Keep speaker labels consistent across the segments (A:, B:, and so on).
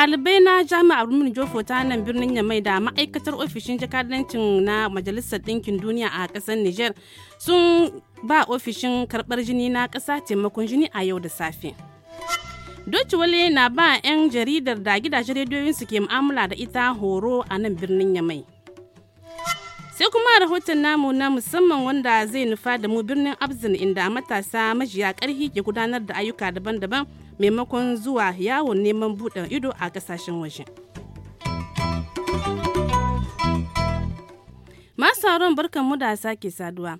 A: ɗalibai na jami'ar rumun jofo ta nan birnin yamai da ma'aikatar ofishin jakadancin na majalisar ɗinkin duniya a ƙasar niger sun ba ofishin karɓar jini na ƙasa taimakon jini a yau da safe doci wale na ba 'yan jaridar da gidajen rediyoyin su ke mu'amala da ita horo a nan birnin yamai sai kuma rahoton namu na musamman wanda zai nufa da mu birnin abzin inda matasa majiya ƙarfi ke gudanar da ayyuka daban-daban maimakon zuwa yawon neman buɗe ido a ƙasashen waje. Masu barkan mu da sake saduwa.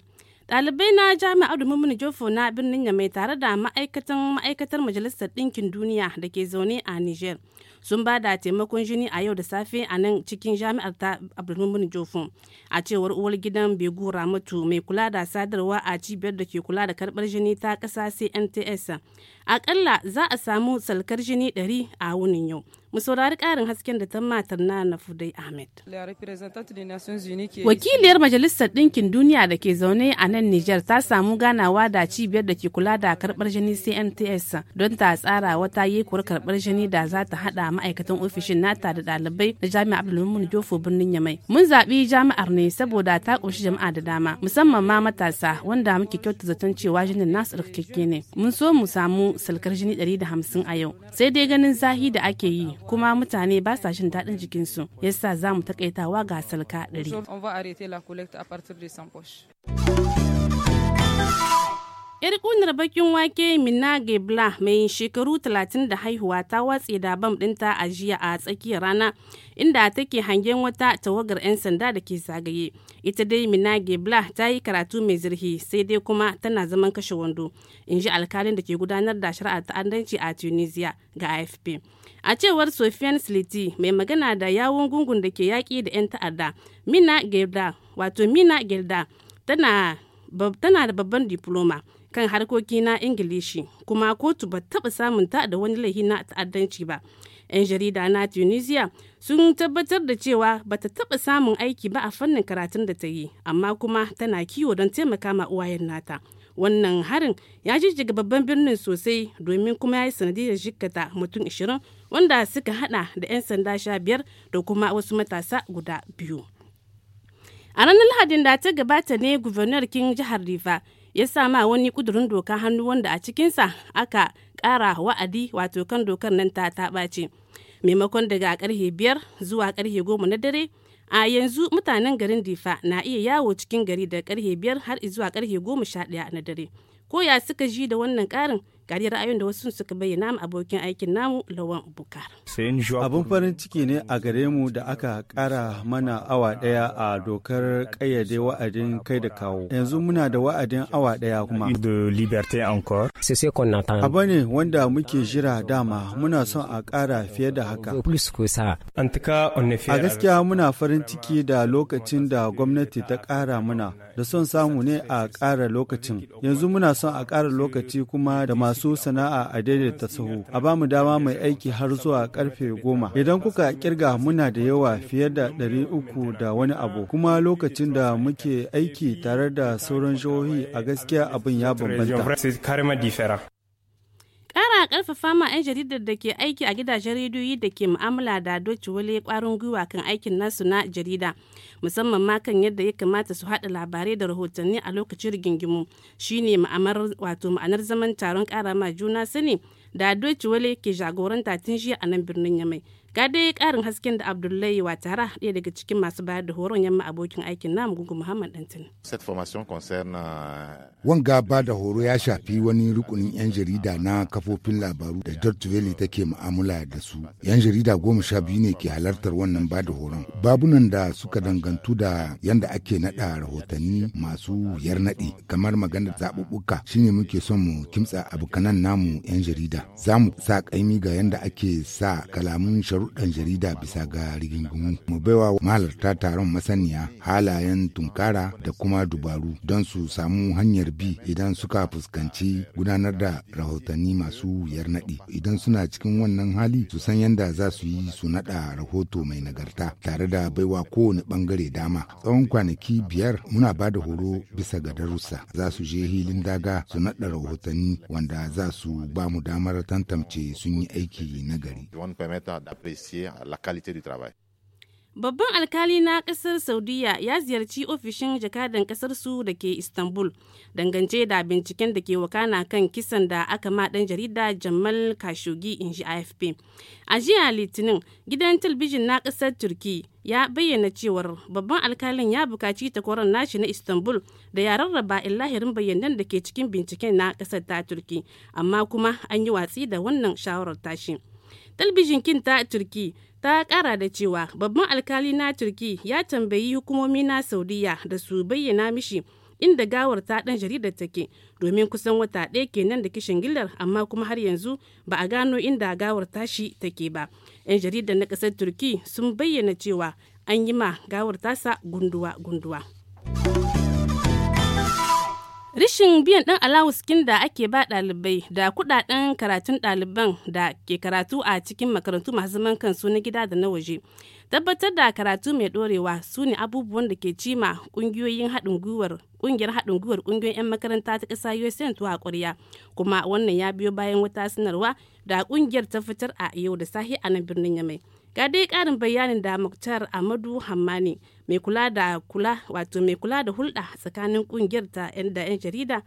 A: dalibai na jami'ar Mumuni Jofo na birnin Yamai tare da ma'aikatan ma'aikatar Majalisar Ɗinkin Duniya da ke zaune a Niger sun ba da taimakon jini a yau da safe a nan cikin jami'ar ta Abdulmumuni Jofo a cewar uwar gidan Begu Ramatu mai kula da sadarwa a cibiyar da ke kula da karbar jini ta ƙasa CNTS akalla za a samu salkar jini 100 a wunin yau mu saurari karin hasken da ta matar na Fudai Ahmed. Wakiliyar Majalisar Ɗinkin Duniya da ke zaune a nan Nijar ta samu ganawa da cibiyar da ke kula da karbar jini CNTS don ta tsara wata yekuwar karɓar jini da za ta haɗa ma'aikatan ofishin nata da ɗalibai na Jami'ar Abdulmumin Jofo birnin Yamai. Mun zaɓi jami'ar ne saboda ta ƙunshi jama'a da dama musamman ma matasa wanda muke kyauta zaton cewa jinin nasu rikakke ne. Mun so mu samu salkar jini 150 a yau sai dai ganin zahi da ake yi kuma mutane ba sa jin daɗin jikinsu yasa za mu takaitawa ga salka 100 yar kunar bakin wake minna gebla mai shekaru 30 da haihuwa ta watse da bam dinta a jiya a tsakiyar rana inda take hangen wata tawagar 'yan sanda da ke zagaye ita dai minna gebla ta yi karatu mai zurfi sai dai kuma tana zaman kashe wando in ji alkalin da ke gudanar da shari'a ta'addanci a tunisia ga afp a cewar sofian sliti mai magana da yawon gungun da ke yaƙi da 'yan ta'adda mina Gebla wato mina gelda tana da babban diploma kan harkoki na ingilishi kuma kotu ba taɓa samunta da wani laihi na ta'addanci ba 'yan jarida na tunisia sun tabbatar da cewa ba ta taɓa samun aiki ba a fannin karatun da ta yi amma kuma tana kiwo don taimaka ma uwayen nata wannan harin ya jijjiga babban birnin sosai domin kuma ya yi sanadiyar jikkata mutum 20 wanda suka hada da 'yan sanda sha biyar da kuma wasu matasa guda biyu a ranar lahadin da ta gabata ne guvernar kin jihar rifa ya ma wani kudurin doka hannu wanda a cikinsa aka kara wa'adi wato kan dokar nan ta taɓace maimakon daga karhe biyar zuwa karhe goma na dare a yanzu mutanen garin difa na iya yawo cikin gari da karhe biyar har zuwa karhe goma sha ɗaya na dare ko ya suka ji da wannan ƙarin gari ra'ayin da wasu suka bayyana mu abokin aikin namu lawan bukar
B: abun farin ciki ne a gare mu da aka kara mana awa daya a dokar kayyade wa'adin kai da kawo yanzu muna da wa'adin awa daya kuma abu ne wanda muke jira dama muna son a kara fiye da haka a gaskiya muna farin ciki da lokacin da gwamnati ta kara mana da son samu ne a kara lokacin yanzu muna son a kara lokaci kuma da masu masu sana'a a daidaita sahu a ba mu dama mai aiki har zuwa karfe goma idan kuka kirga muna da yawa fiye da ɗari uku da wani abu kuma lokacin da muke aiki tare da sauran jihohi a gaskiya abin
C: ya bambanta
A: kara karfafa ma 'yan jaridar da ke aiki a gidajen rediyoyi da ke mu'amala da doci wale kwarin gwiwa kan aikin nasu na jarida musamman ma kan yadda ya kamata su haɗa labarai da rahotanni a lokacin rigingimu shine ma'amar wato ma'anar zaman taron kara ma juna sani da doci wale ke jagoranta tun jiya a nan birnin yamai ga dai karin hasken da abdullahi wa watara ɗaya daga cikin masu bayar da horon yamma abokin aikin namu gugu muhammad dantin
D: euh, wanga ba da horo ya shafi wani rukunin yan jarida na kafofin labaru da george valley take mu'amala da su yan jarida goma sha biyu ne ke halartar wannan ba da horon babunan da suka dangantu da yanda ake naɗa rahotanni masu wuyar naɗi kamar maganar zaɓuɓɓuka shine muke son mu kimtsa abokanan namu yan jarida za mu sa ƙaimi ga yanda ake sa kalamun sharu dan jarida bisa ga rigingimu mu baiwa mahalarta taron masaniya halayen tunkara da kuma dubaru don su samu hanyar bi idan suka fuskanci gudanar da rahotanni masu wuyar naɗi idan suna cikin wannan hali su san yadda za su yi su naɗa rahoto mai nagarta tare da baiwa kowane bangare dama tsawon kwanaki biyar muna ba da horo bisa ga darussa za su je hilin daga su naɗa rahotanni wanda za su ba mu damar tantance sun yi aiki nagari. apprécier la qualité du travail.
A: Babban alkali na kasar Saudiya ya ziyarci ofishin jakadan kasar su da ke Istanbul dangance da binciken da ke wakana kan kisan da aka ma dan jarida Jamal Khashoggi in ji AFP. A jiya Litinin gidan talbijin na kasar Turki ya bayyana cewar babban alkalin ya bukaci takwaron nashi na Istanbul da ya rarraba illahirin bayanan da ke cikin binciken na kasar ta Turki amma kuma an yi watsi da wannan shawarar tashi. talbijin kin ta turki ta kara da cewa babban alkali na turki ya tambayi hukumomi na saudiya da su bayyana mishi inda gawar ta dan jaridar take domin kusan wata ɗaya kenan da kishin gillar amma kuma har yanzu ba a gano inda gawar tashi take ba yan jaridar na ƙasar turki sun bayyana cewa an yi ma gawar tasa gunduwa gunduwa Rashin biyan ɗan alawus kin da ake ba ɗalibai da kuɗaɗen karatun ɗaliban da ke karatu a cikin makarantu masu zaman kansu na gida da na waje. Tabbatar da karatu mai ɗorewa su ne abubuwan da ke cima ƙungiyoyin haɗin gwiwar ƙungiyar haɗin gwiwar ƙungiyoyin 'yan makaranta ta ƙasa USN tuwa ƙwarya. Kuma wannan ya biyo bayan wata sanarwa da ƙungiyar ta fitar a yau da sahi a nan birnin Yamai. ga dai karin bayanin da muktar amadu hammani mai kula da kula wato mai kula da hulɗa tsakanin kungiyar ta 'yan da 'yan jarida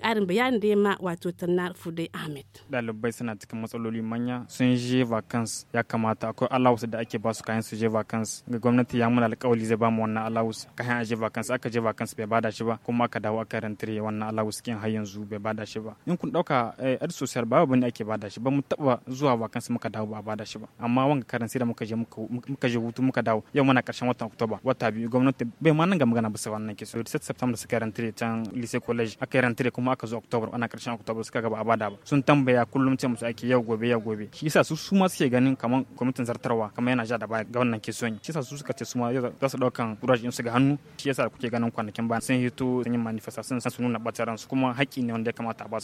A: karin bayani da yamma wato tannar fudai ahmed
C: dalibai suna cikin matsaloli manya sun je vacance ya kamata akwai allowance da ake ba su kayan su je vacance ga gwamnati ya muna alƙawali zai ba mu wannan allowance kayan a je vacance aka je vacance bai bada shi ba kuma aka dawo aka rantare wannan allowance kin har yanzu bai bada shi ba in kun dauka ed eh, social ba bane ake bada shi ba mu taba zuwa vacance muka dawo ba a bada shi ba amma wanga karin sai da muka je muka je hutu muka dawo yau muna karshen watan october wata biyu gwamnati bai ma nan ga magana ba sai wannan kisa 7 september suka rantare can lycée college aka rantare kuma kuma aka zo ana karshen oktoba suka gaba a bada ba sun tambaya kullum ce musu ake yau gobe yau gobe shi yasa su su ma suke ganin kaman kwamitin zartarwa kamar yana ja da baya ga wannan ke son shi yasa su suka ce su ma za su daukan kurajin su ga hannu shi yasa kuke ganin kwanakin ba sun hito sun yi manifestation sun nuna bataran su kuma haƙƙi ne wanda ya kamata a ba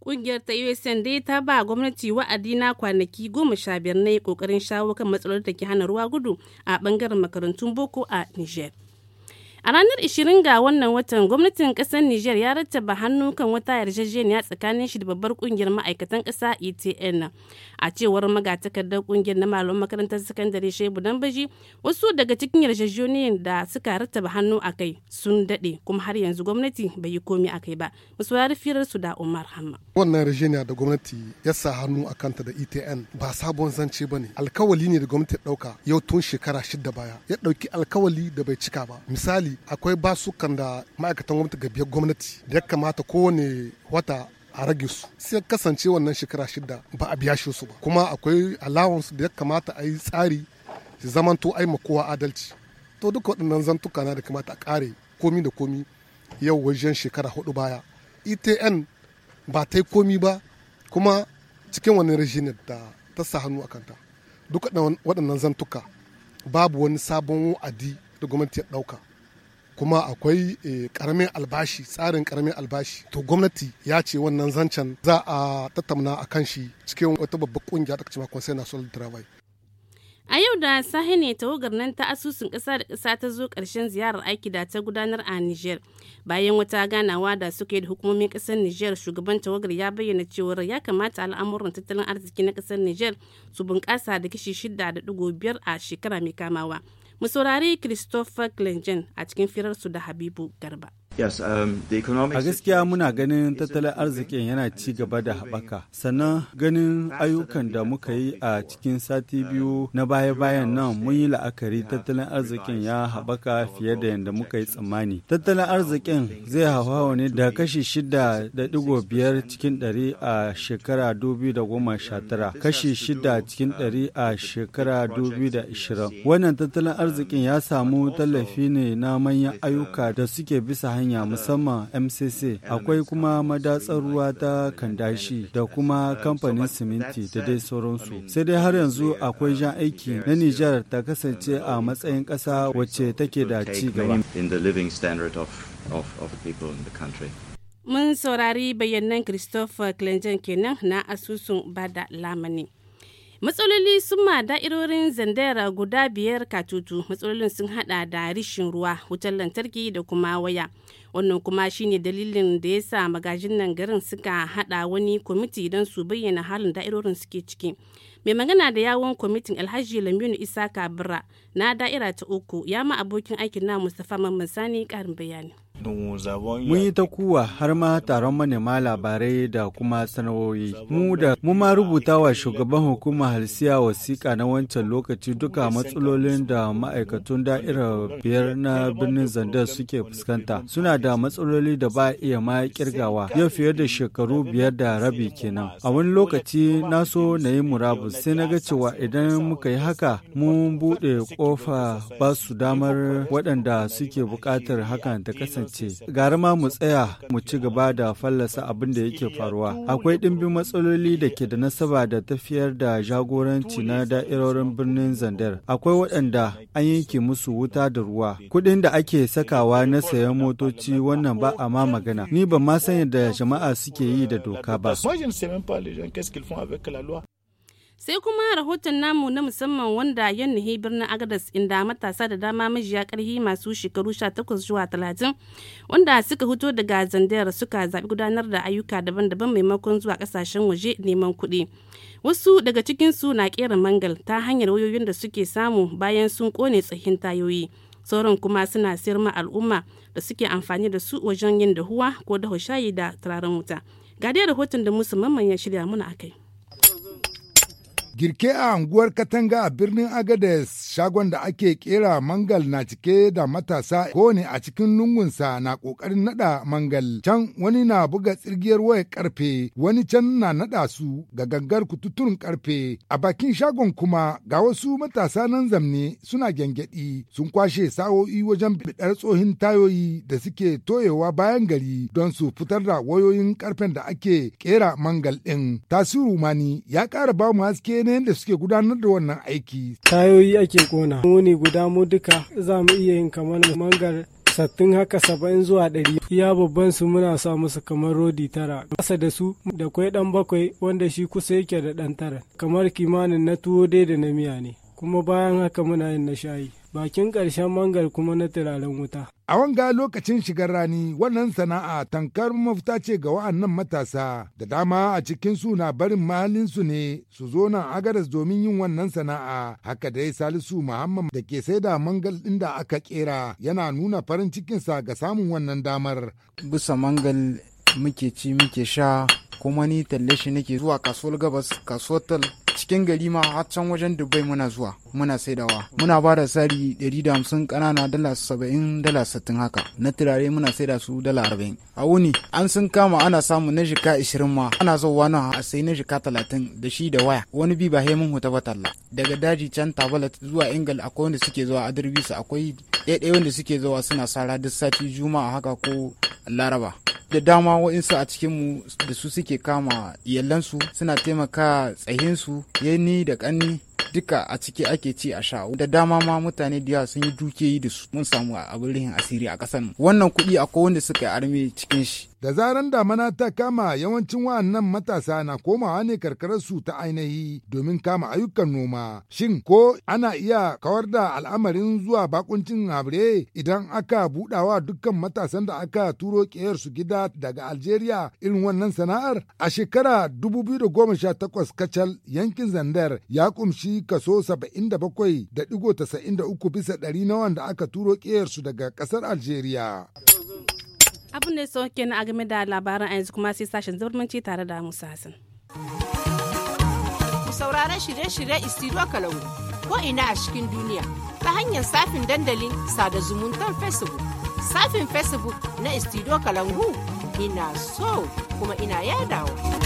A: kungiyar ta USN dai ta ba gwamnati wa'adi na kwanaki goma sha biyar na kokarin shawo kan matsalolin da ke hana ruwa gudu a bangaren makarantun boko a Niger. A ranar 20 ga wannan watan gwamnatin kasar Nijar ya rattaba hannu kan wata yarjejeniya tsakanin shi da babbar kungiyar ma'aikatan kasa ETN. A cewar magatakardar kungiyar na malaman makarantar sakandare Shehu Dambaji, wasu daga cikin yarjejeniyar da suka rattaba hannu a kai sun dade kuma har yanzu gwamnati bai yi komi a kai ba. Musu firar su da Umar Hamma.
D: Wannan yarjejeniya da gwamnati ya sa hannu a kanta da ETN ba sabon zance ba ne. Alkawali ne da gwamnati ɗauka yau tun shekara shida baya. Ya ɗauki alkawali da bai cika ba. Misali misali akwai basukan da ma'aikatan gwamnati ga biyar gwamnati da ya kamata kowane wata a rage su sai kasance wannan shekara shida ba a biya shi su ba kuma akwai allowance da ya kamata a yi tsari su zamanto ai kowa adalci to duka waɗannan zantuka na da kamata a kare komi da komi yau wajen shekara hudu baya etn ba ta yi komi ba kuma cikin wani rejinet da ta sa hannu a kanta duka waɗannan zantuka babu wani sabon wa'adi da gwamnati ya ɗauka kuma akwai karamin eh, albashi tsarin karamin albashi to gwamnati ya ce wannan zancen za a tattauna a kan shi cikin wata babbar kungiya ta cewa conseil national travail
A: a yau da sahi ne tawagar nan ta asusun ƙasa da ƙasa ta zo karshen ziyarar aiki da ta gudanar a niger bayan wata ganawa da suka yi da hukumomin ƙasar niger shugaban tawagar ya bayyana cewar ya kamata al'amuran tattalin arziki na kasar niger su bunƙasa da kishi 6.5 a shekara mai kamawa mu saurari christopher glenjen a cikin firarsu da habibu garba
B: Um, a gaskiya muna ganin tattalin arzikin yana ci gaba da haɓaka. Sannan ganin ayyukan da muka yi a cikin sati biyu na baya-bayan nan mun yi la'akari tattalin arzikin ya haɓaka fiye da yadda muka yi tsammani. Tattalin arzikin zai hawa ne da kashi shida da digo biyar cikin ɗari a shekara dubu da goma sha tara, kashi shida cikin ɗari a shekara dubu da ishirin. Wannan tattalin arzikin ya samu tallafi ne na manyan ayyuka da suke bisa hanya musamman MCC akwai kuma madatsar ruwa ta Kandashi da kuma kamfanin siminti da dai sauransu. Sai dai har yanzu akwai jan aiki na Nijar ta kasance a matsayin ƙasa wacce take da ci gaba.
A: Mun saurari bayanan Christopher Clengen kenan na asusun bada lamani. matsaloli sun ma da'irorin zandera guda biyar katutu matsalolin sun hada da rishin ruwa wutar lantarki da kuma waya wannan kuma shine dalilin da ya sa magajin nan garin suka hada wani kwamiti don su bayyana halin da'irorin suke ciki mai magana da yawon kwamitin alhaji lamini isa kabira na da'ira ta uku ya ma abokin aikin na mustapha mamman sani karin bayani
B: Mun yi ta kuwa har ma taron manema labarai da kuma sanawoyi. Mu da ma rubuta wa shugaban hukumar halsiya wasiƙa na wancan lokaci duka matsalolin da ma'aikatun da'irar biyar na birnin Zandar suke fuskanta. Suna da matsaloli da ba iya ma kirgawa yau fiye da shekaru biyar da rabi kenan a wani lokaci na so na yi murabus sai na ga cewa idan muka yi haka mun buɗe ƙofa ba su damar waɗanda suke buƙatar hakan ta kasance gara ma mu tsaya mu ci gaba da fallasa abin da yake faruwa akwai ɗimbin matsaloli da ke da nasaba da tafiyar da jagoranci na da'irorin birnin zandar akwai waɗanda an yanke musu wuta da ruwa kuɗin da ake sakawa na sayan motoci fahimci wannan ba a ma magana. Ni ban ma san yadda jama'a suke yi da doka ba.
A: sai kuma rahoton namu na musamman wanda yan nihi birnin agadas inda matasa da dama mijiya karhi masu shekaru 18 zuwa 30 wanda suka fito daga zandar suka zaɓi gudanar da ayyuka daban-daban maimakon zuwa ƙasashen waje neman kuɗi wasu daga cikinsu na ƙera mangal ta hanyar wayoyin da suke samu bayan sun ƙone tsahin tayoyi sauran kuma suna sayar ma al'umma da suke amfani da su wajen yin dahuwa ko dahu shayi da turaren wuta ga dai rahoton da musu mamman ya shirya muna akai.
D: Girke a anguwar Katanga a birnin Agades shagon da ake kera mangal na cike da matasa kowane a cikin lungunsa na kokarin nada mangal. Can wani na buga tsirgiyar waya karfe, wani can na nada su ga gangar kututun karfe. A bakin shagon kuma ga wasu matasa nan zamne suna gyangyaɗi sun kwashe sa'o'i wajen biɗar tsohin tayoyi da suke toyewa bayan gari don su fitar da wayoyin karfen da ake kera mangal ɗin. Tasiru Mani ya kara ba mu haske na yadda suke gudanar da wannan aiki. Tayoyi ake kona. Muni guda mu duka za mu
B: iya yin kamar mangar sattin haka saba'in zuwa ɗari iya babban su muna sa musu kamar rodi tara ƙasa da su da kwai ɗan bakwai wanda shi kusa yake da ɗan tara kamar
D: kimanin na tuwo dai da na miya ne kuma bayan haka muna yin na shayi bakin karshen mangal kuma na turaren wuta. A wanga lokacin shigar rani wannan sana'a tankar mafita ce ga wa'annan matasa da dama a cikin suna na barin mahallinsu ne su zo nan agaras domin yin wannan sana'a haka dai Salisu Muhammad da ke sai da mangal ɗin da aka kera yana nuna farin cikinsa ga samun wannan damar. Bisa mangal muke ci muke sha kuma ni talle shi nake zuwa kasuwar gabas kasuwar cikin gari ma har can wajen dubai muna zuwa muna saidawa muna ba da sari 150 kanana dala 70 dala 60 haka na turare muna saida su dala 40 a wuni an sun kama ana samu na jika 20 ma ana zuwa nan a sai na jika 30 da shi da waya wani bi ba hemin huta ba talla daga daji can tabalat zuwa ingal akwai wanda suke zuwa su, akwai ɗaya wanda suke zuwa suna sara duk sati juma'a haka ko laraba da dama wa'insu a cikinmu da su suke kama iyalansu suna taimaka tsayinsu. ya ni da ƙanni duka a ciki ake ci a sha da dama ma mutane da yawa sun yi dukiyoyi da su mun samu abin rihin asiri a ƙasar wannan kuɗi akwai wanda suka yi armi cikin shi Da zaran damana ta kama yawancin wa'annan matasa na komawa ne karkararsu ta ainihi domin kama ayyukan noma. Shin ko ana iya kawar da al'amarin zuwa bakuncin habre idan aka budawa dukkan matasan da aka turo su gida daga Algeria irin wannan sana'ar? A shekara 2018 kacal yankin Zandar ya kumshi kaso 77.93 bisa 100 na wanda aka turo su daga ƙasar Algeria.
A: abin da ya so kenan a game da labaran a yanzu kuma sai sashen zubarmanci tare da musa hassan ku saurara shirye-shirye istiro kalau ko ina a cikin duniya ta hanyar safin dandalin sada zumuntar facebook safin facebook na istiro kalangu ina so kuma ina yadawa.